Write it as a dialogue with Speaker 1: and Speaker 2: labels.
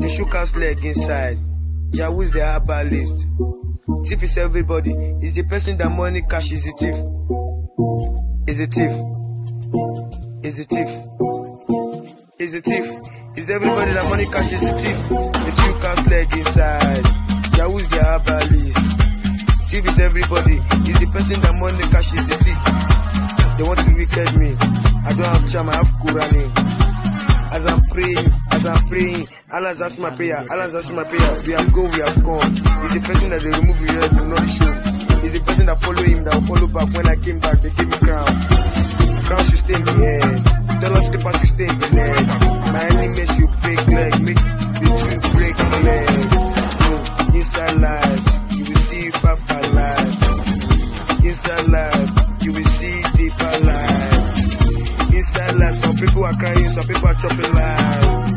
Speaker 1: The shook leg inside. Yahoo who is the herbalist. Thief is everybody. Is the person that money cash is the thief. Is a thief. Is a thief. Is a thief. Is everybody that money cash is the thief. The two cast leg inside. Yahoo who is the herbalist. Thief is everybody. Is the person that money cash is the thief. They want to wicked me. I don't have charm, I have Quran. As I'm praying, as I'm praying, Allah's answered my prayer. Allah's answered my prayer. We have gone, we have come. It's the person that they remove, we will not show. It's the person that follow him, that will follow back. When I came back, they gave me crown. Crown system, yeah. Dollar slipper system, yeah. My enemies, you break leg. Make the truth break leg. No, inside life, you will see Papa life. Inside life, you will see deeper life. Inside life, some people are crying, some people are chopping life.